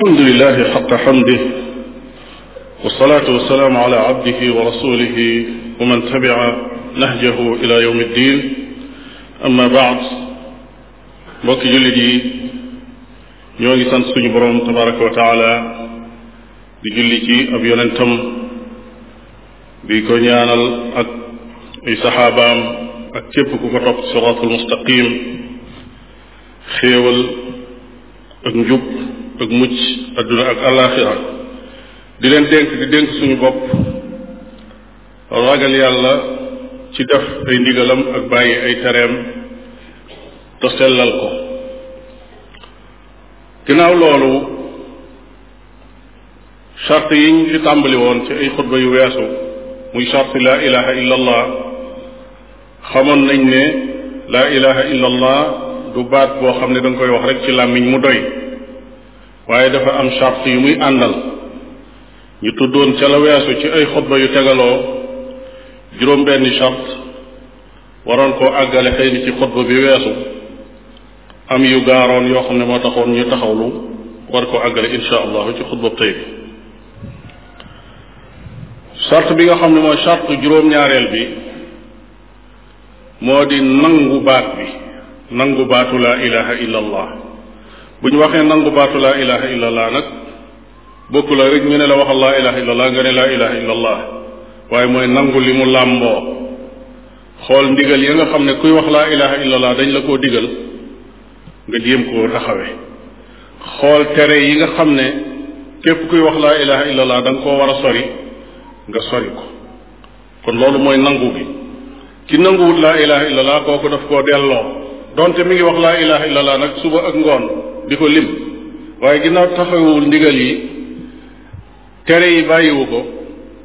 alhamdulilahi xaqa xamdih wasalaatu wasalaamu ala abdihi wa rasulihi wa man tabica nahjahu ila yawm iddin amma baad mbokki jullit yi ñoo ngi sant suñu boroom tabaraka wa taala di julli ci ab yonentam di ko ñaanal ak ay saxaabaam ak képp ku ko topp siraatul mustaqim xéewal ak njub ak mucc adduna ak alaxira di leen dénk di dénk suñu bopp ragal yàlla ci def ay ndigalam ak bàyyi ay tereem te sellal ko ginnaaw loolu yi yiñ fi tàmbali woon ci ay xutba yu weesu muy charte laa ilaha illa xamoon nañ ne laa ilaha illa du baat boo xam ne da koy wax rek ci làmmiñ mu doy waaye dafa am charte yi muy àndal ñu tuddoon ca la weesu ci ay xutba yu tegaloo juróom-benni charte waroon koo àggale xëy ni ci xutba bi weesu am yu gaaroon yoo xam ne moo taxoon ñu taxawlu war koo àggale insha allahu ci xutba tey bi charte bi nga xam ne mooy charte juróom-ñaareel bi moo di nangu baat bi nangu baatu laa ilaha illa allah bu ñu waxee nangu baatu laa ilaha illallah nag bokku la rek ñu ne la waxal laa ilaha illallah nga ne laa ilaha illallah waaye mooy nangu li mu làmboo xool ndigal ya nga ne kuy wax laa ilaha illallah dañ la koo digal nga xool tere yi nga xam ne képp kuy wax laa ilaha illallah da koo war a sori nga sori ko kon loolu mooy nangu gi ki nanguwut laa ilaha illallah kooku daf koo delloo donte mi ngi wax laa ilaha illallah nag suba ak ngoon di ko lim waaye ginnaaw taxawul ndigal yi tere yi bàyyiwu ko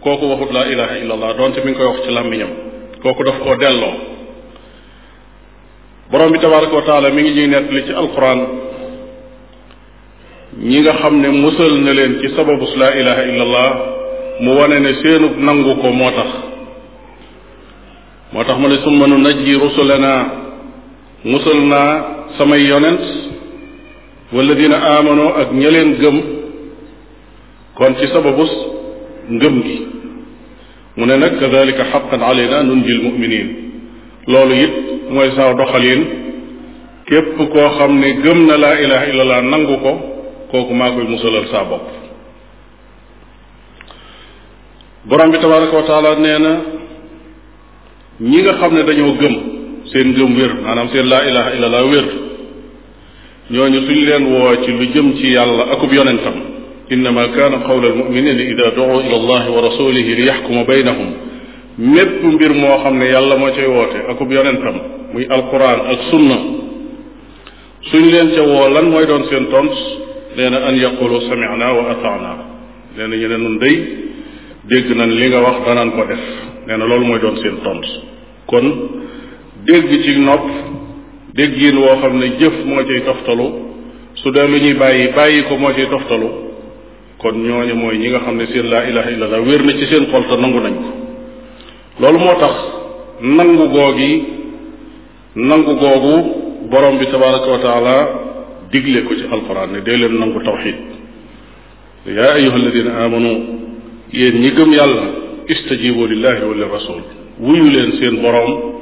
kooku waxut laa ilaha illallah donte mi ngi koy wax ci làmmiñam kooku daf koo delloo borom bi tabaraka wa taala mi ngi ñuy nettali ci alquran ñi nga xam ne musal na leen ci sababus laa ilaha illallah mu wane ne seenu nangu ko moo tax moo tax mu ne summa nu najji naa musal naa samay yonent walladina aamanoo ak ña gëm kon ci sababus ngëm gi mu ne nag kadalika xaqan aleyna nunji lmuminin loolu it mooy saaw doxalin képp koo xam ne gëm na laa ilaha nangu ko kooku maa koy musalal saa bopp borom bi tabaraka wa taala nee na ñi nga xam ne dañoo gëm seen gëm wér maanaam seen laa ilaha illallah wér ñooñu suñ leen woo ci lu jëm ci yàlla akub yonentam innama kaana qawla almuminina ida duu ila allah wa rasulihi li yaxkuma baynahum mépp mbir moo xam ne yàlla moo cay woote akub yonentam muy alquran ak sunna suñ leen ca woo lan mooy doon seen tons nee na an yaqulu samina wa ataana nee ñu ne nun day dégg nañ li nga wax danaan ko def nee na loolu mooy doon seen tons kon dégg ci nopp déggin woo xam ne jëf moo cay toftalu su dee lu ñuy bàyyi bàyyi ko moo cay toftalu kon ñooñu mooy ñi nga xam ne seen laa ilaha illallah wér na ci seen xol te nangu nañ ko loolu moo tax nangu googi nangu googu boroom bi tabaraka wa digle ko ci alquran ne dee leen nangu tawxid yaa ayuha alladina amanu yéen ñi gëm yàlla istajibu lillahi wa lirasul wuyu leen seen boroom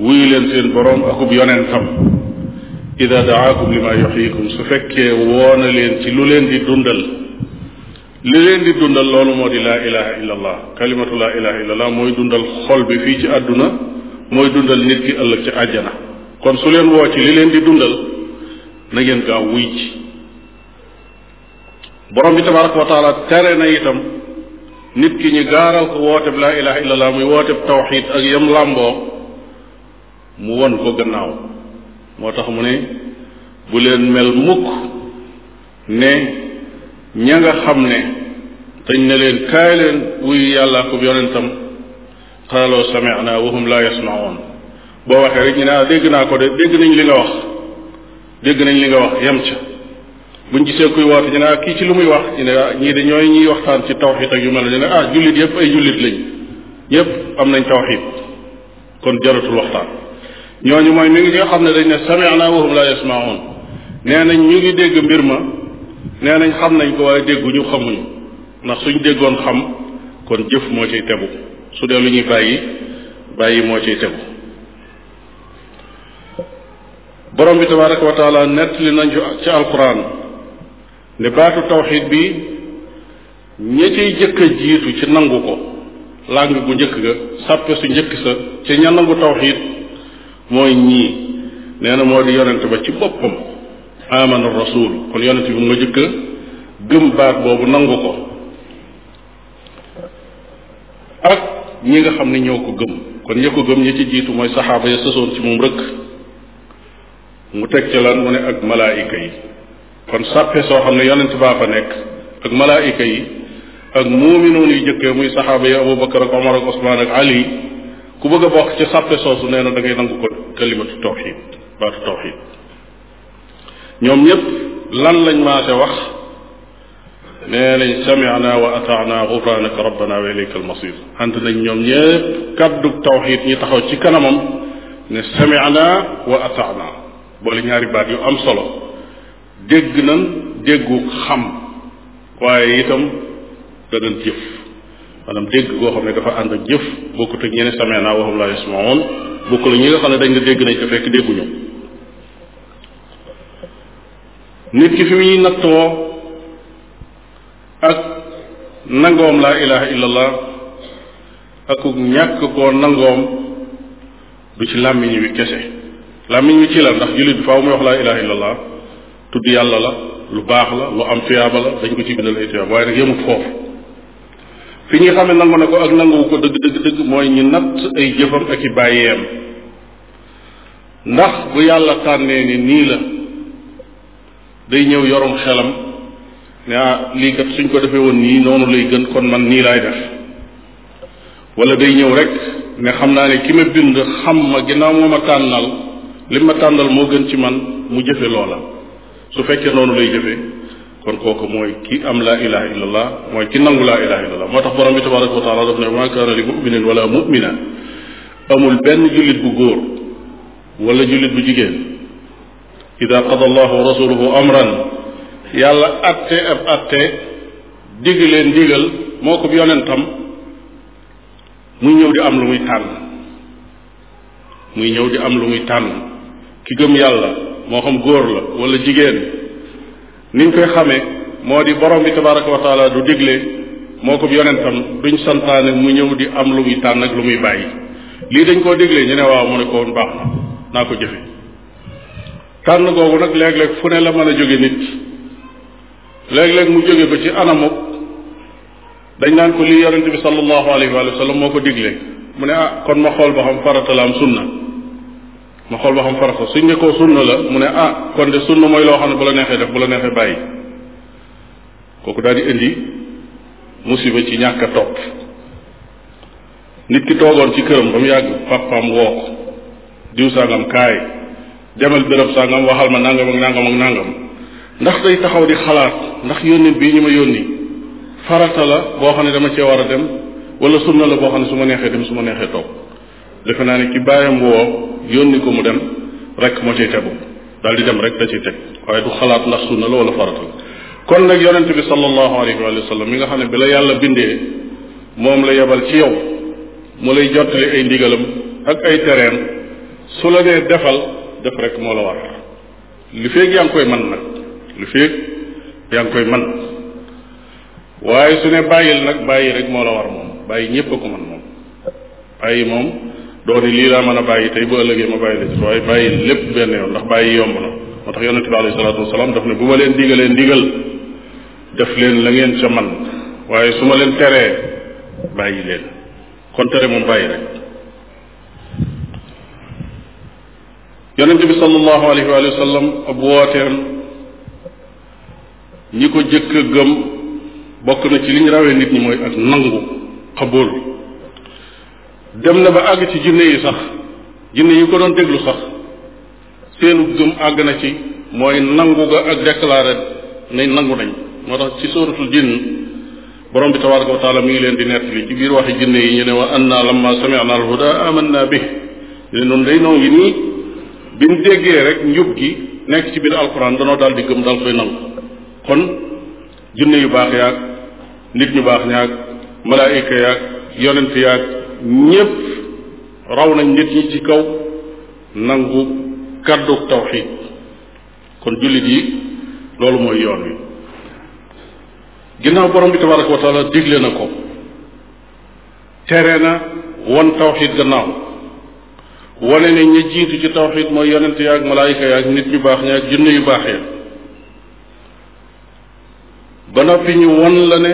wuyu leen seen boroom akub yonentam ida daakum lima yuxyikum su fekkee woona leen ci lu leen di dundal li leen di dundal loolu moo di laa ilaha illa allah kalimatu mooy dundal xol bi fii ci àdduna mooy dundal nit ki ëllëg ci àjjana kon su leen woo ci li leen di dundal na ngeen gaaw wuy ci borom bi tabaraka wa taala tere na itam nit ki ñu gaaral ko woote bi laa ilaha illa muy woote bi ak yam làmboo mu won ko gannaaw moo tax mu ne bu leen mel mukk ne ña nga xam ne dañ ne leen kaay leen wuyu yàllaa ko yonentam xaaloo samina wahum laa yasmaoon boo waxee rek ñu ne ah dégg naa ko de dégg nañ li nga wax dégg nañ li nga wax yem ca buñ gisee kuy woote ñu ne ah kii ci lu muy wax ñu ne ah ñii de ñooy ñuy waxtaan ci tawxid ak yu mel na ñu ne ah jullit yëpp ay jullit lañ ñëpp am nañ tawxid kon jaratul waxtaan ñooñu mooy mi ngi nga xam ne dañ ne sami'na wa hum la yasma'un nee nañ ñu ngi dégg mbir ma nee nañ xam nañ ko waaye dégguñu xamuñu ndax suñ déggoon xam kon jëf moo ci tebu su dee lu ñuy bàyyi bàyyi moo ci tebu borom bi tabaraka wa taala nettali nañ ci alquran ne baatu tawxid bi ña ciy jëkk jiitu ci nangu ko làng bu njëkk ga sàppe su njëkk sa ci ña nangu tawxid mooy ñii nee na moo di yonente ba ci boppam amana rasul kon yonente bi moo jëkk gëm baat boobu nangu ko ak ñi nga xam ne ñoo ko gëm kon ña ko gëm ñi ci jiitu mooy saxaaba ya sësoon ci moom rëkk mu teg ca lan mu ne ak malaayika yi kon sàppe soo xam ne yonent baa fa nekk ak malaayika yi ak muuminoon yu jëkkee muy saxaaba ya abubakar ak omar ak osmaan ak ali ku bëgg a bokk ci sàppe soosu nee na da ngay nangu ko kalimatu tawxid baatu tawxid ñoom ñëpp lan lañ maase wax nee nañ samiana wa ataana gufranaka rabbana wa ilayka almasir ànd nañ ñi taxaw ci kanamam ne samiana wa ataana boole ñaari baat yu am solo dégg nan déggu xam waaye itam danañ jëf maanaam dégg goo xam ne dafa ànd ak jëf bokkut ak ñeneen samee naa waxum laa yasmaoon bokk la ñi nga xam ne dañ nga dégg nañ ko fekk dégguñu nit ki fi muy nattoo ak nangoom laa ilaha illallah ak ñàkk koo nangoom du ci làmmiñ wi kese làmmiñ wi ci la ndax jullit bi faaw muy wax laa ilaha illallah tudd yàlla la lu baax la lu am tuyaaba la dañ ko ci bindal ay tuyaaba waaye nag yemut foofu fi ñuy xamee nangu na ko ak nanguwu ko dëgg dëgg dëgg mooy ñu natt ay jëfam ak i bàyyeem ndax bu yàlla tànnee ni nii la day ñëw yorom xelam ne ah lii kat suñ ko defee woon nii noonu lay gën kon man nii laay def wala day ñëw rek ne xam naa ne ki ma bind xam ma ginnaaw moo ma tànnal li ma tànnal moo gën ci man mu jëfe loola su fekkee noonu lay jëfee kon kooku mooy ki am laa ilaha illallah mooy ki nangu laa ilaha moo tax borom bi tabaraka wa taala daf ne ma kaana li muminin wala mumina amul benn jullit bu góor wala jullit bu jigéen ida qada allahu wa rasuluhu amran yàlla atte ab atte dig leen digal moo ko yonentam muy ñëw di am lu muy tànn muy ñëw di am lu muy tànn ki gëm yàlla moo xam góor la wala jigéen niñ koy xamee moo di borom bi tabaraka wa taala du digle moo ko yonentam duñ santaane mu ñëw di am lu muy tànn ak lu muy bàyyi lii dañ koo diglee ñu ne mu ne ko woon baax na naa ko jëfe tànn googu nag léeg-léeg fu ne la mën a jóge nit léeg-léeg mu jóge ko ci anamu dañ naan ko lii yonent bi sallallahu alayhi wa sallam moo ko diglee mu ne ah kon ma xool ba xam farata la am sunna ma xool ba xam farata suñ ne koo sunna la mu ne ah kon de sunna mooy loo xam ne bu la neexee def bu la neexee bàyyi kooku daal di indi musiba ci ñàkk a topp nit ki toogoon ci këram ba mu yàgg papaam woo ko diw sangam kaay demal béréb sangam waxal ma nangam ak nangam ak nangam ndax day taxaw di xalaat ndax yónni bii ñu ma yónni farata la boo xam ne dama cee war a dem wala sunna la boo xam ne su ma neexee dem su ma neexee topp defe naa ne ki bàyyam woo yónni ko mu dem rek moo ciy tegu daal di dem rek da ciy teg waaye du xalaat ndax sunna la wala farata kon nag yonente bi sallallahu alayhi wa sallam mi nga xam ne bi la yàlla bindee moom la yebal ci yow mu lay jottali ay ndigalam ak ay tereem su la nee defal def rek moo la war li feeg yaa ngi koy man nag li feeg yaa ngi koy man waaye su ne bàyyil nag bàyyi rek moo la war moom bàyyi ñépp a ko man moom bàyyi moom doo ni lii laa mën a bàyyi tey bu ëllëgee ma bàyyi la ci waaye bàyyi lépp benn yoon ndax bàyyi yomb na moo tax yonente bi alayhi salaatu wasalaam daf ne bu ma leen digalee ndigal def leen la ngeen ca man waaye su ma leen teree bàyyi leen kon tere moom bàyyi rek yonente bi sallallahu alayhi wa sallam ab ñi ko jëkk a gëm bokk na ci li ñu rawee nit ñi mooy ak nangu xabool dem na ba àgg ci jinne yi sax jinne yi ko doon déglu sax seenu gëm àgg na ci mooy nangu ga ak déclaré ne nangu nañ moo tax ci sóoratul jinn borom bi tabaraka wa taala mi ngi leen di nettali ci biir waxi jinne yi ñu ne wa anna lamma sami'na alhuda amanna bi ñu ne noonu day noo ngi nii biñ déggee rek njub gi nekk ci biir alquran danoo daal di gëm daal koy nangu kon jinne yu baax yaag nit ñu baax ñaag malaayika yaag yonent yàgg ñépp raw nañ nit ñi ci kaw nangu kàddu tawxid kon jullit yi loolu mooy yoon wi ginnaaw borom bi tabaraka wa digle na ko tere na wan tawxid gannaaw wane ne ña jiitu ci tawxid mooy yonent yaag malaayika ak nit ñu baax ñaag jinne yu baax ya ba noppi ñu won la ne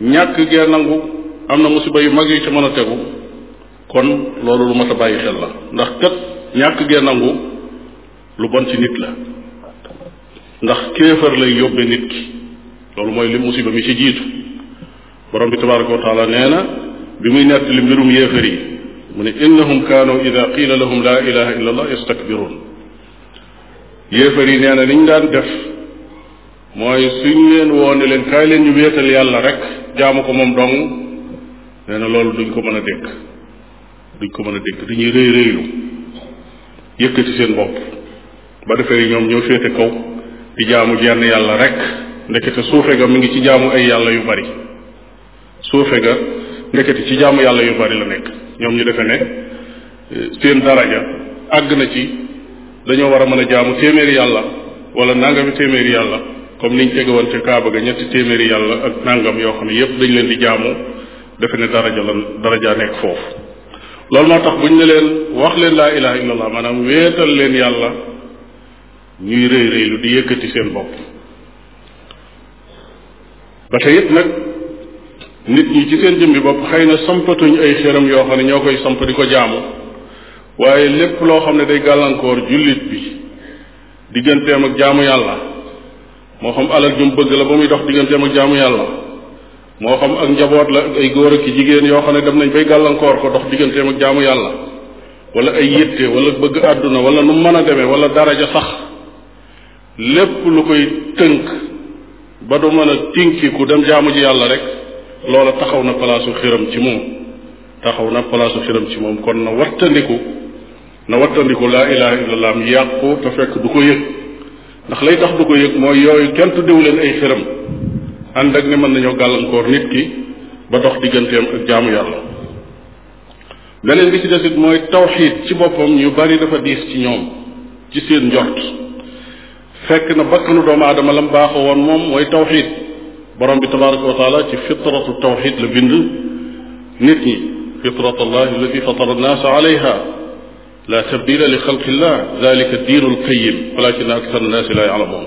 ñàkk gee nangu am na musiba yu mag yu ci mën a tegu kon loolu lu mat a bàyyi xel la ndax kat ñàkk gee nangu lu bon ci nit la ndax kéefar lay yóbbe nit loolu mooy li musiba mi ci jiitu borom bi tabaraka wa nee na bi muy nett li mbirum yéefar yi mu ne innahum kaanu ida qiila lahum laa ilaha illa yastakbiruun yéefar yi nee na liñ daan def mooy suñ leen woone leen kaay leen ñu wéetal yàlla rek jaamu ko moom dong nee na loolu duñ ko mën a dékk duñ ko mën a dékk dañuy rëy rëylu yëkkati seen bopp ba defee ñoom ñoo féete kaw di jaamu jenn yàlla rek ndekete suufe ga mi ngi ci jaamu ay yàlla yu bari suufe ga ndekete ci jaamu yàlla yu bari la nekk ñoom ñu defe ne eh, seen daraja àgg na ci dañoo war a mën a jaamu téeméeri yàlla wala nangami téeméeri yàlla comme niñ tegewoon ca kaaba ga ñetti téeméeri yàlla ak nangam yoo xam ne yëpp dañ leen di jaamu defe ne daraja lan daraja nekk foofu loolu moo tax buñ ne leen wax leen laa ilaha illallah maanaam wéetal leen yàlla ñuy rëy rëylu di yëkkati seen bopp ba tey it nag nit ñi ci seen jëmbi bopp xëy na sampatuñ ay xéram yoo xam ne ñoo koy samp di ko jaamu waaye lépp loo xam ne day gàllankoor jullit bi digganteem ak jaamu yàlla moo xam alal jum bëgg la ba muy dox digganteem ak jaamu yàlla moo xam ak njaboot la ay góor ak jigéen yoo xam ne dem nañ bay gàllankoor ko dox digganteem ak jaamu yàlla wala ay yitte wala bëgg àdduna wala nu mën a demee wala daraja sax lépp lu koy tënk ba du mën a tinki ku dem jaamu ji yàlla rek loola taxaw na palaasu xiram ci moom taxaw na palaasu xiram ci moom kon na wattandiku na wattandiku laa ilaha illallah mi yàqu te fekk du ko yëg ndax lay tax du ko yëg mooy yooyu kenn tuddiwu leen ay xiram ànd ak ne mën nañoo gàllankoor nit ki ba dox digganteem ak jaamu yàlla beneen bi ci des it mooy tawxiid ci boppam ñu bari dafa diis ci ñoom ci seen njort fekk na bakkanu doomu aadama lam baaxoo woon moom mooy tawxiid borom bi tabaraka wa taala ci fitratu tawxiid la bind nit ñi fitratallahi allati fatara annaasa alayha la tabdila li xalqillah zalika diinul qayim walakin aktar naasi la yalamoon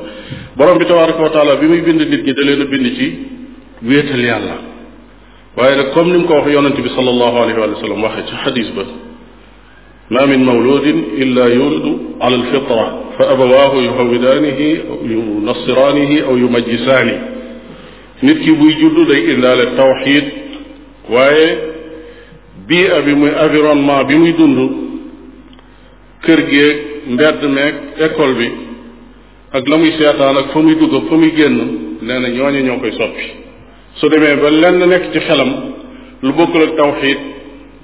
borom bi tabaraka wa taala bi muy bind nit ñi da leen a bind ci wéetal yàlla waaye nag comme ni mu ko wax yonente bi sallallahu alayhi wa sallam waxee ci xadis ba ma min mawludin illa yulidu ala alfitra fa abawaahu yuhawidaanihi aw yunassiraanihi aw yumajjisaani nit ki buy juddu day indaale tawxid waaye bii abi muy environnement bi muy dund kër géeg mbedd meeg école bi ak la muy seetaan ak fa muy dugg ak fa muy génn nee na ñooñu ñoo koy soppi su demee ba lenn nekk ci xelam lu bokkul ak tawxiid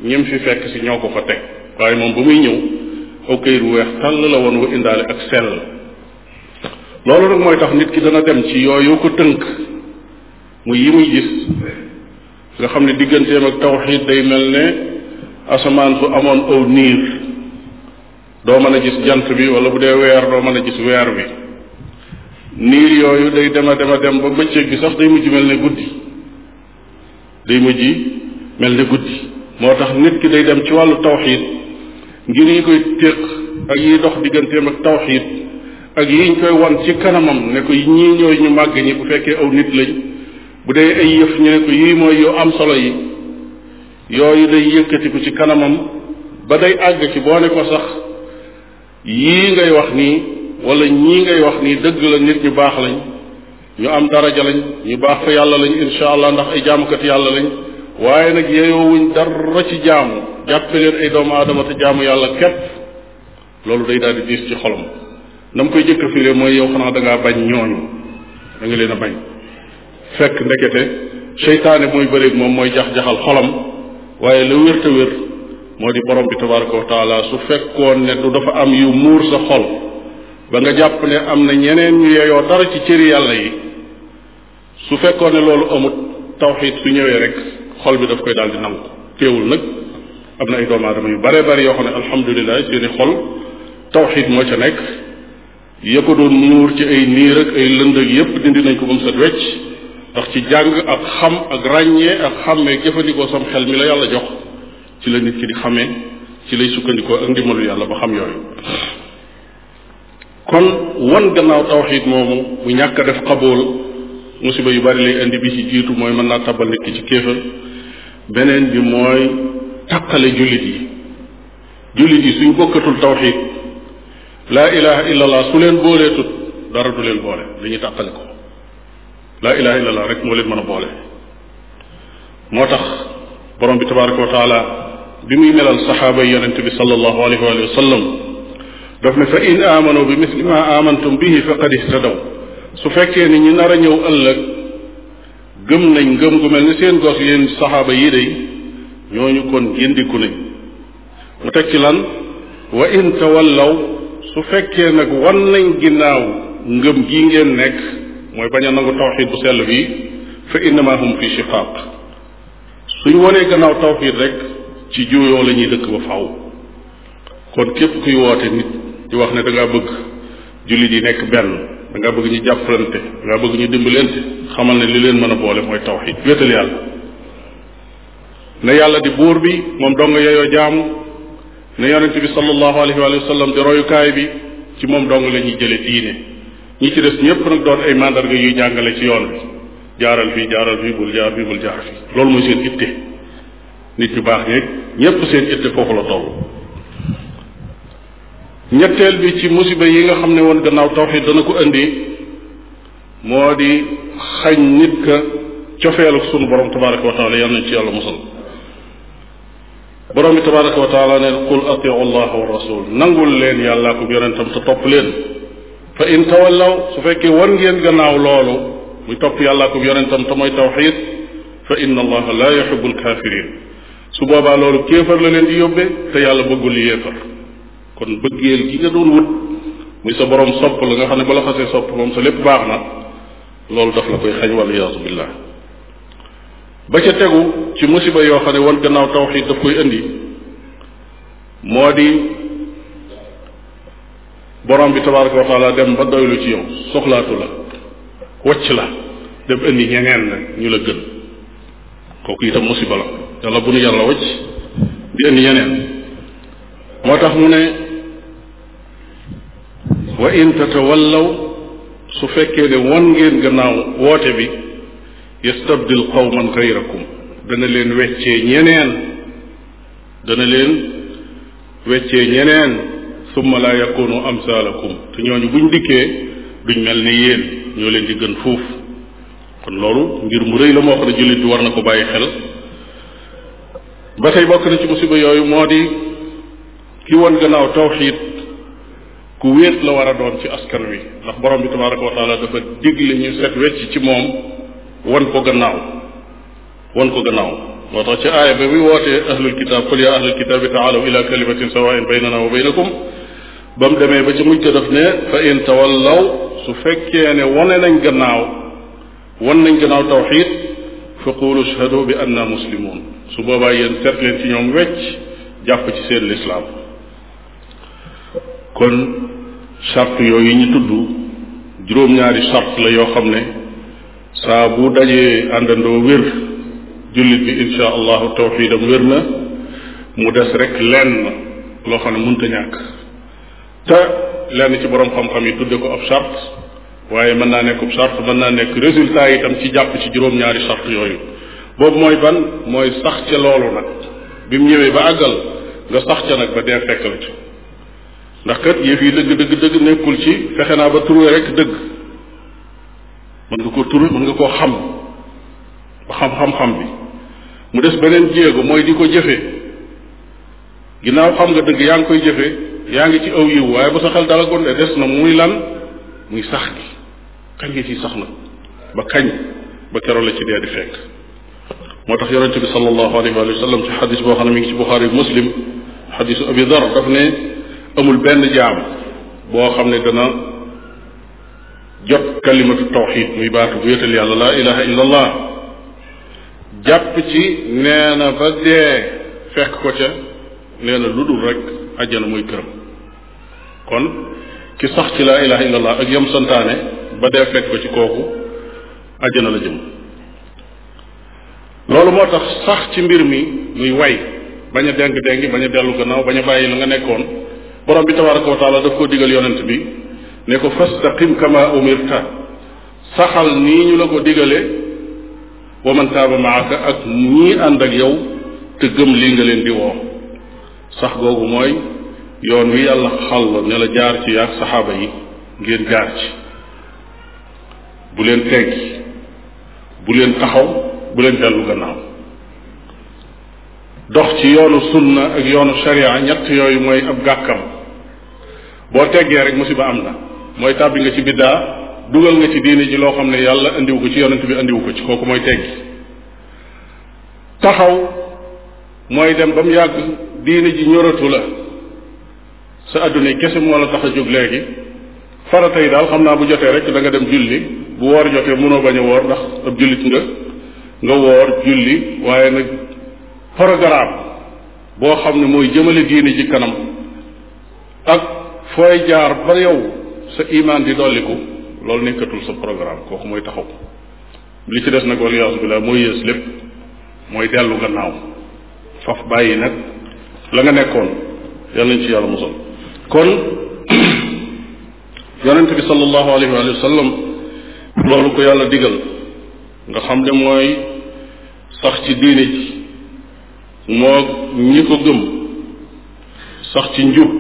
ñim fi fekk ci ñoo ko fa teg waaye moom ba muy ñëw aw këyit bu weex tàll la woon wa indaale ak sell loolu nag mooy tax nit ki dana dem ci yooyu ko tënk mu yi muy gis nga xam ne digganteem ak tawxiid day mel ne asamaan su amoon aw niir doo mën a gis jant bi wala bu dee weer doo mën a gis weer bi niir yooyu day dem a dem a dem ba bëccëg bi sax day mujj mel ne guddi day mujj mel ne guddi moo tax nit ki day dem ci wàllu tawxiid ngir yi koy téq ak yi dox digganteem ak tawxiid ak yiñ koy wan ci kanamam ne ko ñii ñooy ñu màgg ñi bu fekkee aw nit lañ bu dee ay yëf ñu ne ko yii mooy yu am solo yi yooyu day yëkkatiku ci kanamam ba day àgg ci boo ne ko sax yii ngay wax nii wala ñii ngay wax nii dëgg la nit ñu baax lañ ñu am daraja lañ ñu baax fa yàlla lañ insha allah ndax ay jaamukat yàlla lañ waaye nag yeyoowuñ dara ci jaamu jàppe leen ay doomu aadama te jaamu yàlla képp loolu day daal di diis ci xolam na koy jëkk a firé mooy yow xanaa da ngaa bañ ñooñu da nga leen a bañ fekk ndekete seytaane mooy bëreeg moom mooy jax-jaxal xolom waaye la wér wér moo di porom bi tabaraka wa taala su fekkoon ne du dafa am yu muur sa xol ba nga jàpp ne am na ñeneen ñu yeyoo dara ci cëri yàlla yi su fekkoon ne loolu amut tawxiid su ñëwee rek xol bi daf koy daal di nangu teewul nag am na ay doomu aadama yu bare bari yoo xam ne alhamdulilah seeni xol tawxiid moo ca nekk ya ko doon muur ci ay niir ak ay lënd ak yépp dindi nañ ko ba mu set wecc ci jàng ak xam ak ràññee ak xàmmee jëfandikoo sam xel mi la yàlla jox ci la nit ki di xamee ci lay sukkandikoo ak ndimbalu yàlla ba xam yooyu kon wan gannaaw tawxiid moomu bu ñàkk a def xabool musiba yu bari lay indi bi ci jiitu mooy mën naa tabal nit ki ci kéefal beneen bi mooy taqale jullit yi jullit yi suñ bokkatul tawxiid laa ilaha illa su leen booleetut dara du leen boole dañuy tàqale ko laa ilaha illa allah rek moo leen mën a boole moo tax borom bi tabaraka wa taala bi muy melal saxaaba yi yonente bi sallallahu alayhi wa daf ne fa in aamanu bi misli ma aamantum bihi faqad ihtadaw su fekkee ni ñu nar a ñëw ëllëg gëm nañ ngëm gu mel ni seen gos yéen saxaaba yi ñoo ñooñu kon gindiku nañ mu teg ci lan wa in tawallaw su fekkee nag wan nañ ginnaaw ngëm gii ngeen nekk mooy bañ a nangu tawxid bu sell bii fa innama hum fi shiqaaq suñ wanee gannaaw tawxid rek ci juuyoo la ñuy dëkk ba faw kon képp kuy woote nit di wax ne da ngaa bëgg jullit yi nekk benn da bëgg ñu jàppalante da ngaa bëgg ñu dimbalante xamal ne li leen mën a boole mooy tawxid wéetal yàlla ne yàlla di buur bi moom dong yeyoo jaamu ne yonent bi sallallahu alayhi wa sallam di royukaay bi ci moom dong lañuy ñuy jële diine ñi ci des ñëpp nag doon ay màndarga yuy jàngale ci yoon bi jaaral fii jaaral fii bul jaar fii loolu mooy seen itte nit ñu baax ñeeg ñépp seen itte foofu la toll ñetteel bi ci musiba yi nga xam ne woon gannaaw tawxid dana ko indi moo di xañ nit ka cofeelu sunu borom tabaraka wa taala yal nañ ci yàlla musal borom bi tabaraka wa taala ne qul atiu allah wa rasul nangul leen yàllaa ko yonentam te topp leen fa in tawallaw su fekkee war ngeen gannaaw loolu muy topp yàllaa ko yonentam te mooy tawxid fa inna allaha la yuhibu alkafirin su boobaa loolu kéefar la leen di yóbbee te yàlla bëggul yéefar kon bëggeel gi nga doon wut muy sa borom sopp la nga xam ne ba la xasee sopp moom sa lépp baax na loolu daf la koy xañ wal iyaasu billah ba ca tegu ci musiba yoo xam ne wan gannaaw tawxiid daf koy indi moo di borom bi tabaraka wa dem ba doylu ci yow soxlaatu la wacc la dem indi ñeneen nag ñu la gën kooku itam musiba la yàlla bu nu yàlla wacc di indi yeneen moo tax mu ne wa in tatawallaw su fekkee ne won ngeen gannaaw woote bi yastabdil qawman xayrakum dana leen weccee ñeneen dana leen weccee ñeneen summa laa yakunu amsaalakum te ñooñu buñ dikkee duñ mel ni yéen ñoo leen di gën fuuf kon loolu ngir mu rëy la moo xam ne jullit bi war na ko bàyyi xel ba tey bokk na ci musiba yooyu moo di ki woon gannaaw tawxiid ku wéet la war a doon ci askan wi ndax borom bi tabaraka wa taala dafa digle ñu set wecc ci moom wan ko gannaaw wan ko gannaaw moo tax ci aaya ba muy wootee ahlul kitaab qul yaa ahlul kitaabi taalaw ila kalimatin sawain baynana wa baynakum ba mu demee ba ci mujj ko def ne fa in tawallaw su fekkee ne wane nañ gannaaw wan nañ gannaaw tawxiid fa qulu ashhadu bi anna muslimun su boobaa yéen seet leen ci ñoom wecc jàpp ci seen lislaam kon charte yooyu ñu tudd juróom-ñaari charte la yoo xam ne saa bu dajee àndandoo wér jullit bi insha allahu tawxidam wér na mu des rek lenn loo xam ne mënta ñàkk te lenn ci boroom xam-xam yi tudde ko ab charte waaye mën naa nekk charte mën naa nekk résultat yi itam ci jàpp ci juróom-ñaari charte yooyu boobu mooy ban mooy sax ca loolu nag bi mu ñëwee ba àggal nga sax ca nag ba dee fekk la ci ndax kat yëf yi dëgg dëgg nekkul ci fexe naa ba trouvé rek dëgg mën nga ko trouvé mën nga koo xam ba xam-xam-xam bi mu des beneen jéego mooy di ko jëfe ginnaaw xam nga dëgg yaa ngi koy jëfe yaa ngi ci aw yiw waaye ba sa xel dalagoon de des na muy lan muy sax gi kañ nga ciy soxla ba kañ ba keroog la ci dee di fekk moo tax yonente bi sallallahu alayhi wa sallam boo xam ne mi ngi ci buxaari muslim xadisu abi dar daf ne amul benn jaam boo xam ne dana jot kalimatu tawxid muy baatu bu wéetal yàlla laa ilaha illa jàpp ci nee ba dee fekk ko ca nee lu dul rek ajjana muy këram kon ki sax ci la ilaha illa allah ak yam ba dee fekk ko ci kooku àjjana la jëm loolu moo tax sax ci mbir mi muy way bañ a déng déngi bañ a dellu gannaaw bañ a bàyyi la nga nekkoon borom bi tabaraka wa taala daf koo digal yonent bi ne ko fastaqim kama umirta saxal nii ñu la ko digale wa man taaba maaka ak ñii ànd ak yow te gëm lii nga leen di woo sax googu mooy yoon wi yàlla xàll ne la jaar ci yaag saxaaba yi ngir jaar ci bu leen teggi bu leen taxaw bu leen dellu gannaaw dox ci yoonu sunna ak yoonu sharia ñett yooyu mooy ab gàkkam boo teggee rek musiba am na mooy tàbbi nga ci biddaa dugal nga ci diine ji loo xam ne yàlla indiwu ko ci yonent bi indiwu ko ci kooku mooy teggi taxaw mooy dem ba mu yàgg diine ji ñoratu la sa adduna kese moo la tax a jóg léegi farata yi daal xam naa bu jotee rek da nga dem julli bu wor jotee mënoo bañ wor woor ndax ab jullit nga nga woor julli waaye nag programme boo xam ne mooy jëmale diine ji kanam ak fooy jaar ba yow sa imaan di dolliku loolu nekkatul sa programme kooku mooy taxaw li ci des nag waliyasu billah mooy yées lépp mooy dellu gannaaw faf bàyyi nag la nga nekkoon yàlla nañ ci yàlla musal kon yonente bi sallallahu alayhi wa loolu ko yàlla digal nga xam ne mooy sax ci diine ji moo ñi ko gëm sax ci njub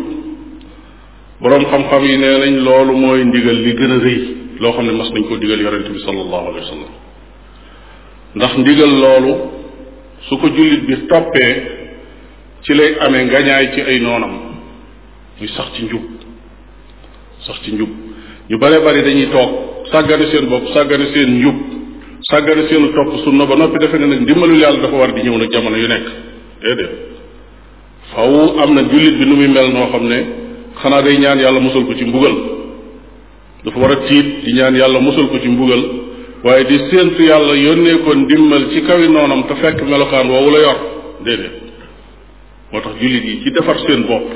boroom xam-xam yi nee nañ loolu mooy ndigal li gën a rëy loo xam ne mas nañ koo digal yonent bi sallallahu alayhi wa sallam ndax ndigal loolu su ko jullit bi toppee ci lay amee ngañaay ci ay noonam muy sax ci njub sax ci njub ñu bare bari dañuy toog sàggane seen bopp sàggane seen njub sàggane seen topp sunna ba noppi defe ne nag ndimbalul yàlla dafa war di ñëw nag jamono yu nekk déedéet faw am na jullit bi nu muy mel noo xam ne xanaa day ñaan yàlla musal ko ci mbugal dafa war a tiit di ñaan yàlla musal ko ci mbugal waaye di séentu yàlla yónnee ko ndimmal ci kawi noonam te fekk melokaan woowu la yor déedéet moo tax jullit yi ci defar seen bopp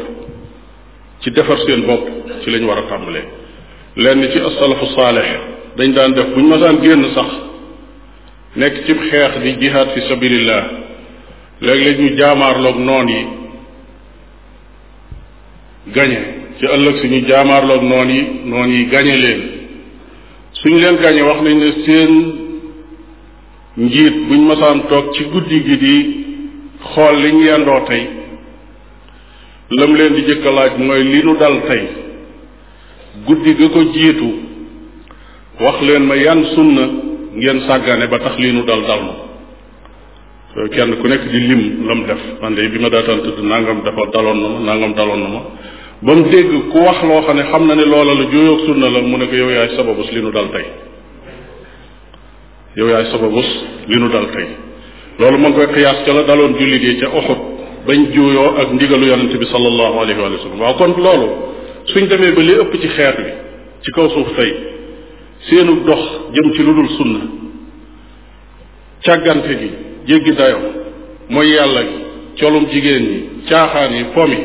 ci defar seen bopp ci lañ war a tàmbalee lenn ci asalafu saalix dañ daan def buñ masaan génn sax nekk ci xeex di jihaad fi sabilillah léeg-léeg ñu jaamaarloog noon yi gañe ci ëllëg suñu jaamaarloog noon yi noon yi gañe leen suñ leen gañe wax nañ ne seen njiit buñ masaan toog ci guddi gi di xool liñ yendoo tey lam leen di jëkk laaj mooy li nu dal tey guddi ga ko jiitu wax leen ma yan sunna ngeen sàggane ba tax lii nu dal dal na kenn ku nekk di lim la mu def man de bi ma daataan tëdd nangam dafa daloon na ma nangam daloon na ma ba mu dégg ku wax loo xam ne xam na ne loola la jooyoog sunna la mu ne ko yow yaay sababus li nu dal tey yow yaay sababus li nu dal tey loolu ma ngi koy xiyaas ca la daloon jullit yi ca Uhud bañ juuyoo ak ndigalu yonente bi sallallahu alayhi wa sallam waaw kon loolu suñ demee ba li ëpp ci xeet wi ci kaw suuf tey seenu dox jëm ci lu dul sunna càggante gi jéggi dayo mooy yàlla gi colum jigéen ñi caaxaan yi pomi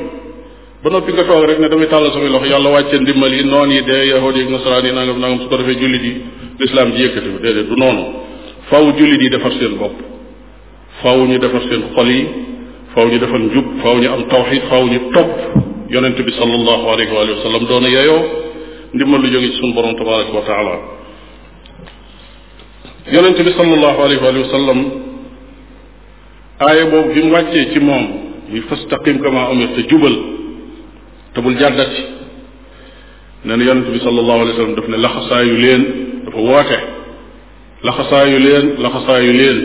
ba noppi nga toog rek ne damay tàll samay loxo yàlla wàcce ndimbal yi noon yi de yahood yi nasaraan yi nangam nangam su ko defee jullit yi lislaam ji yëkkati ko déedéet du noonu faw jullit yi defar seen bopp faw ñu defar seen xol yi faw ñu defar njub faw ñu am tawxid faw ñu topp yonente bi sallallahu alayhi wa sallam doon a yeyoo ndimbal lu jóge ci borom tabaraka wa taala yonente bi sallallahu alayhi wa sallam aaya boobu bi mu wàccee ci moom muy fastaqim kama umir te jubal te jàddati nee na yonente bi sallallahu alayhi wa sallam daf ne laxasaayu leen dafa woote laxasaayu leen laxasaayu leen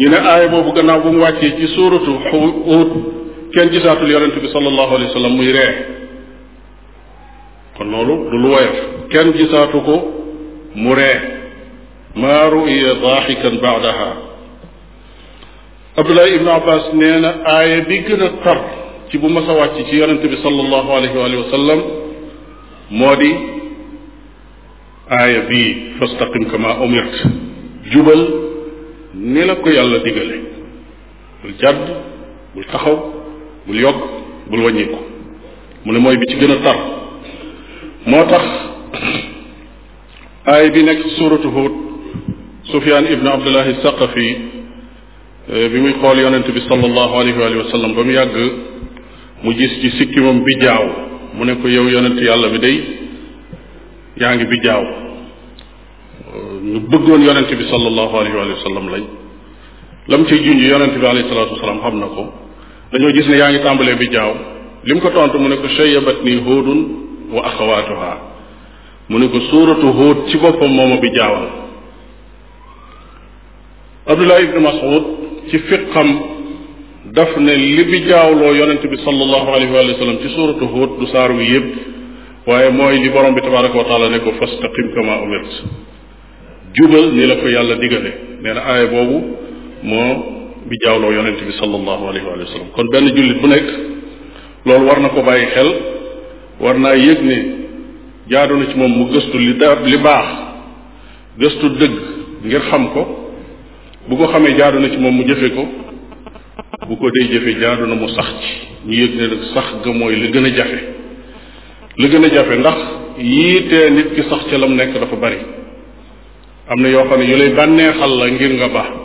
ñu ne aaya boobu gannaaw bu mu wàccee ci suuratu Huud kenn gisaatul yonent bi sallallahu alayhi wa sallam muy ree kon loolu du lu woyof kenn gisaatu ko mu ree maa ru'iya daaxikan ba'daha Abdullahi ibnu Abbas nee na aaya bi gën a tar ci bu mas a wàcc ci yonent bi sallallahu alayhi wa sallam moo di aaya bii fastaqim kama umirt jubal ni la ko yàlla digale bul jàdd bul taxaw bul yokk bul wàññiku mu ne mooy bi ci gën a tar moo tax aay bi nekk suuratu Hud Sufyaan ibnu Abdullahi Saqafi eh, bi muy xool yonent bi sallallahu alayhi wa sallam ba mu yàgg mu gis ci sikkimam bi mu ne ko yow yonent yàlla bi day yaa ngi bi jaaw ñu bëggoon yonent bi sallallahu alayhi wa sallam la lam ciy junj yonent bi alayhi salaatu wasalaam xam na ko dañoo gis ne yaa ngi tàmbalee bi jaaw li mu ko tontu mu ne ko shayyabat nii hóodun wa axawaatuha mu ne ko suuratu hóod ci boppam mooma bi jaawal abdullah ibni masud ci fiqam daf ne li bi jaawloo yonente bi sallallahu alayhi wa sallam ci suuratu hóod waaye mooy li borom bi tabaraka wa taala ne ko fastaqim kama umirt jubal ni la ko yàlla digale nee aaya boobu moo bi jaawloo yonent bi sallallahu alayhi wa sallam kon benn jullit bu nekk loolu war na ko bàyyi xel war naa yëg ne jaadu na ci moom mu gëstu li da li baax gëstu dëgg ngir xam ko bu ko xamee jaadu na ci moom mu jëfe ko bu ko dee jëfe jaadu na mu sax ci ñu yëg ne sax ga mooy li gën a jafe li gën a jafe ndax yiitee nit ki sax ca lam nekk dafa bari am na yoo xam ne yu lay bànneexal la ngir nga baax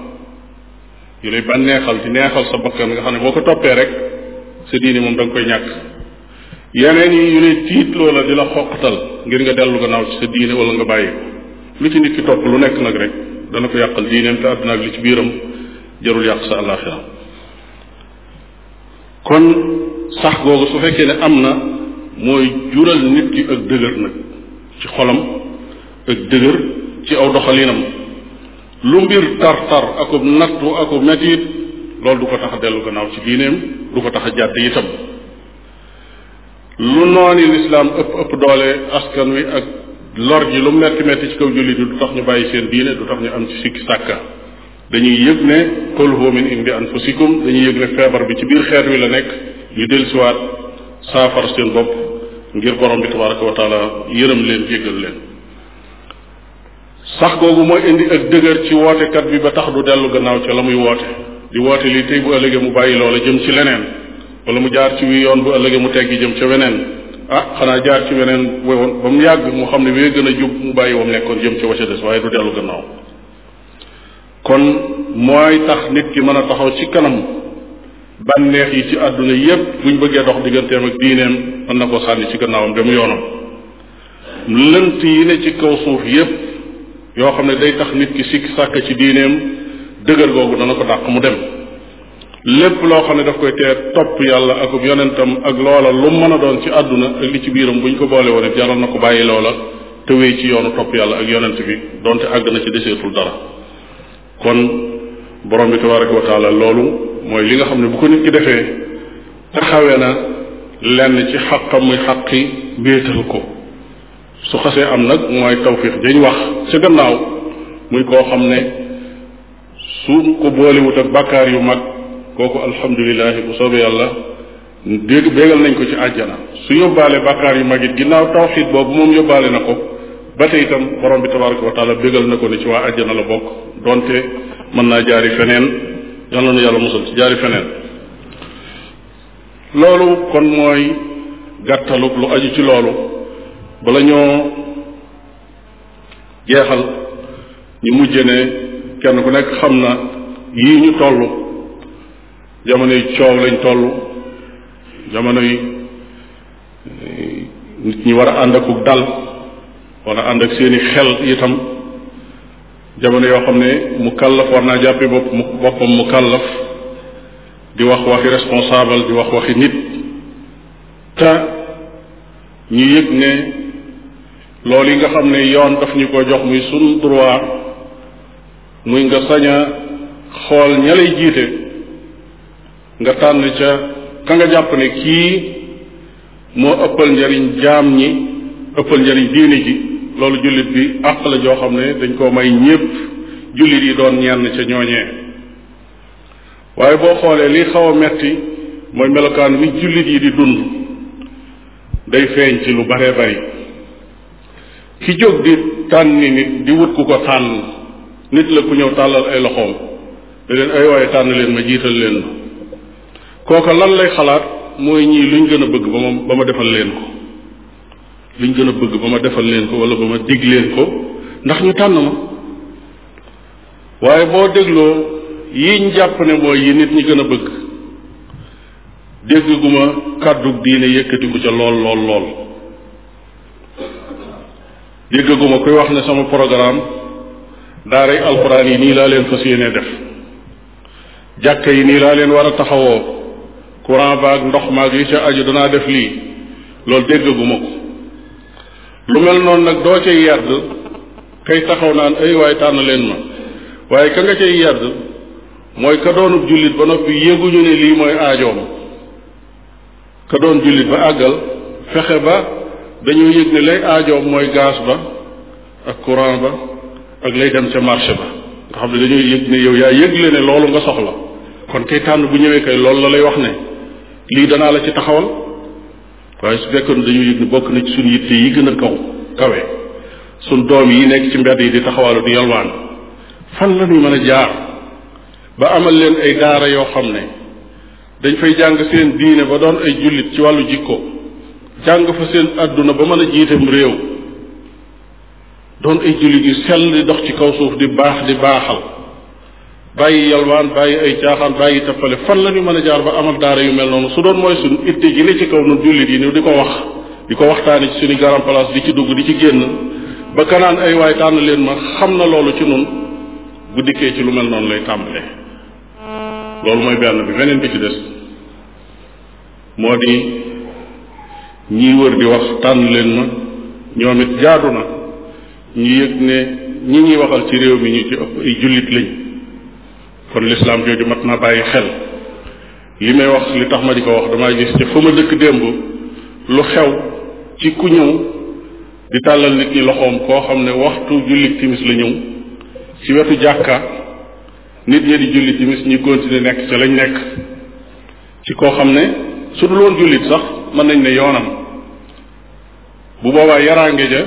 yu lay bànneexal di neexal sa bakkan nga xam ne boo ko toppee rek sa diine moom danga koy ñàkk yeneen yi yu lay tiit loola di la xoqatal ngir nga dellu gannaaw ci sa diine wala nga bàyyi ko lu ci nit ki topp lu nekk nag rek dana ko yàqal diineem te àdduna ak li ci biiram jarul yàq sa àllaaxira kon sax googu su fekkee ne am na mooy jural nit ki ak dëgër nag ci xolam ak dëgër ci aw doxalinam lu mbir tar-tar akub nattu akub metit loolu du ko tax a dellu gannaaw ci diineem du ko tax a jàdd itam lu nooni lislaam ëpp ëpp doole askan wi ak lor ji lu metti metti ci kaw jullit yi du tax ñu bàyyi seen diine du tax ñu am ci sikki sàkka dañuy yëg ne qul huwa min indi anfusikum dañuy yëg ne feebar bi ci biir xeet wi la nekk ñu dellusiwaat saafara seen bopp ngir borom bi tabaraka wa taala yërëm leen jéggal leen sax googu mooy indi ak dëgër ci wootekat bi ba tax du dellu gannaaw ca la muy woote di woote lii tey bu ëllëgee mu bàyyi loola jëm ci leneen wala mu jaar ci wi yoon bu ëllëgee mu teggi jëm ca weneen a ah, xanaa jaar ci weneen woon ba mu yàgg mu xam ne wee gën a jub mu bàyyi wam nekkoon jëm ca wacca des waaye du dellu gannaaw kon mooy tax nit ki mën a taxaw ci kanam bànneex yi ci àdduna yépp ñu bëggee dox digganteem ak diineem mën na ko sànni ci gannaawam dem yoonam lënt yi ci kaw suuf yépp yoo xam ne day tax nit ki sikk sàkk ci diineem dëgër googu dana ko dàq mu dem lépp loo xam ne daf koy tee topp yàlla akub yonentam ak loola lu mën a doon ci àdduna ak li ci biiram bu ñu ko boole woon it jaral na ko bàyyi loola te wéy ci yoonu topp yàlla ak yonent bi donte àgg na ci deseetul dara kon borom bi tabaraka wa loolu mooy li nga xam ne bu ko nit ki defee taxawee na lenn ci xaqam muy xaqi mbéetal ko su xasee am nag mooy tawfiix dañ wax ca gannaaw muy koo xam ne su ko boolewut ak bakkaar yu mag kooku alhamdulilahi bu soobee yàlla dégg bégal nañ ko ci àjjana su yóbbaale bàkkaar yu mag it ginnaaw tawxiid boobu moom yóbbaale na ko ba tey itam borom bi tabaraka wa taala na ko ne ci waa àjjana la bokk donte mën naa jaari feneen yàlla na yàlla musal ci jaari feneen loolu kon mooy gàttalug lu aju ci loolu bala ñoo jeexal ñu mujje ne kenn ku nekk xam na yi ñu toll jamonoy coow lañ tollu jamonoy eh, nit ñi war a ànd ku dal wala ànd ak seeni xel itam jamono yoo xam ne mu kallaf war naa jàppe bopp boppam mu kallaf di wax waxi responsable di wax waxi nit te ñu yëg ne loolu yi nga xam ne yoon daf ñu ko jox muy sunu droit muy nga sañ a xool ña lay jiite nga tànn ca ka nga jàpp ne kii moo ëppal njariñ jaam ñi ëppal njariñ diini ji loolu jullit bi àq la joo xam ne dañ koo may ñépp jullit yi doon ñenn ca ñooñee waaye boo xoolee li xaw a metti mooy melokaan wi jullit yi di dund day feeñ ci lu bare bari ki jóg di tànni nit di wut ku ko tànn nit la ku ñëw tàllal ay loxoom da leen ay waaye tànn leen ma jiital leen ma kooka lan lay xalaat mooy ñii luñ gën a bëgg ba ma ba defal leen ko luñ gën a bëgg ba ma defal leen ko wala ba ma dig leen ko ndax ñu tànn ma waaye boo dégloo yi jàpp ne mooy yi nit ñi gën a bëgg dégg gu ma kàddu diine yëkkatiku ca lool lool lool déggaguma kuy wax na sama programme daaray alxuraan yi nii laa leen fas yéene def jàkka yi nii laa leen war a taxawoo courant baag ndox maag li ca aju danaa def lii loolu déggaguma ko lu mel noonu nag doo cay yedd kay taxaw naan ay waay tànn leen ma waaye ka nga cay yedd mooy ka doonub jullit ba noppi yéeguñu ne lii mooy aajoom ka doon jullit ba àggal fexe ba dañoo yëg ne lay aajoom mooy gaz ba ak courant ba ak lay dem ca marché ba nga xam ne dañoo yëg ne yow yaa yëgle ne loolu nga soxla kon kay tànn bu ñëwee kay loolu la lay wax ne lii danaa la ci taxawal waaye su fekkoon dañoo yëg ne bokk na ci suñ yitte yi gën a kaw kawe suñ doom yi nekk ci mbedd yi di taxawalu di yalwaan fan la ñuy mën a jaar ba amal leen ay daara yoo xam ne dañ fay jàng seen diine ba doon ay jullit ci wàllu jikko jàng fa seen àdduna ba mën a jiitam réew doon ay jullit yu sell di dox ci kaw suuf di baax di baaxal bàyyi yalwaan bàyyi ay caaxaan bàyyi tappale fan la ñu mën a jaar ba amal daara yu mel noonu su doon mooy suñ itte ji ci kaw nun jullit yi ni di ko wax di ko waxtaane ci suñu garam place di ci dugg di ci génn ba kanaan ay waay tànn leen ma xam na loolu ci nun bu dikkee ci lu mel noonu lay tàmbalee loolu mooy benn bi beneen bi ci des moo di ñiy wër di wax tànn leen ma ñoom it jaadu na ñu yëg ne ñi ñuy waxal ci réew mi ñu ci ëpp jullit lañ kon lislaam jooju mat naa bàyyi xel li may wax li tax ma di ko wax damaa gis ci fa ma dëkk démb lu xew ci ku ñëw di tàllal nit ñi loxoom koo xam ne waxtu jullit timis la ñëw ci wetu jàkka nit ñi di julli timis ñu continuer nekk ca lañ nekk ci koo xam ne su dul woon jullit sax mën nañ ne yoonam bu boobaa yaraange ja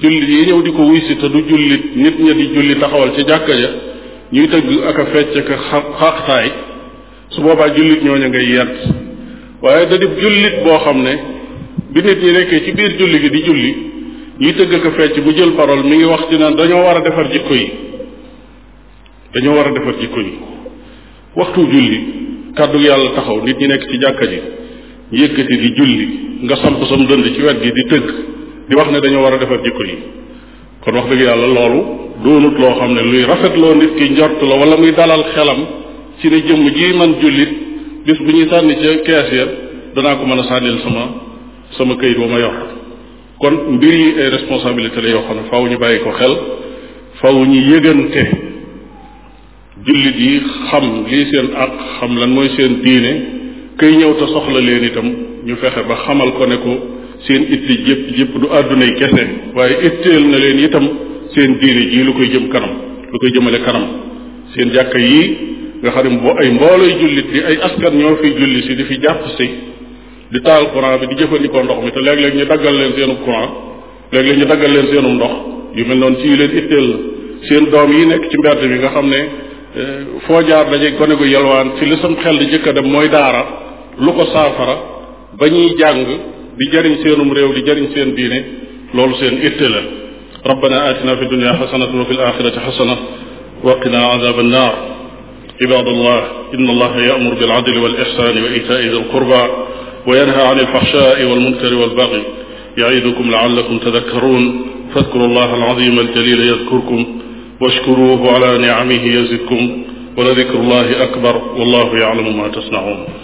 jullit yi ñëw di ko wuy si te du jullit nit ña di julli taxawal ci jàkka ja ñuy tëgg ak a fecc ak a xaaxtaay su boobaa jullit ñooñu ngay yedd waaye da jullit boo xam ne bi nit ñi nekkee ci biir julli gi di julli ñuy tëgg ak fecc bu jël parole mi ngi wax ci naan dañoo war a defar jikko yi dañoo war a defar jikko yi waxtu julli kàddu yàlla taxaw nit ñi nekk ci jàkka ji yëkkati di julli nga samp sam dënd ci wet gi di tëgg di wax ne dañoo war a defar jikko yi kon wax dëgg yàlla loolu doonut loo xam ne luy rafetloo nit ki njort la wala muy dalal xelam ci ne jëmm ji man jullit bis bu ñuy sànni ca kees ya danaa ko mën a sànnil sama sama këyit ba ma yor kon mbir yi ay responsabilité la yoo xam ne faaw ñu bàyyi ko xel faaw ñu yëgante jullit yi xam lii seen àq xam lan mooy seen diine kay ñëw te soxla leen itam ñu fexe ba xamal ko ne ko seen itti jëpp jëpp du yi kese waaye itteel na leen yitam seen diine jii lu koy jëm kanam lu koy jëmale kanam seen jàkk yi nga xam ne ay mbooloy jullit di ay askan ñoo fiy julli di fi jàpp si di taal courant bi di jëfandikoo ndox mi te léeg-léeg ñu daggal leen seenu léeg-léeg ñu daggal leen seenum ndox yu mel noonu ci leen itteel la seen doom yi nekk ci mbedd bi nga xam ne eh, foo jaar dañuy gone gu yalwaan ci li sam xel di jëkk a dem mooy daara lu ko saafara ba ñuy jàng di jariñ seenum réew di jariñ seen diine loolu seen itte la rabbana atina fi dunya xasanatan wa fi alaxirati xasana wa qina azab annar عباد الله إن الله يأمر بالعدل والإحسان وإيتاء ذي القربى وينهى عن الفحشاء والمنكر والبغي يعظكم لعلكم تذكرون فاذكروا الله العظيم الجليل يذكركم واشكروه على نعمه يزدكم ولذكر الله أكبر والله يعلم ما تصنعون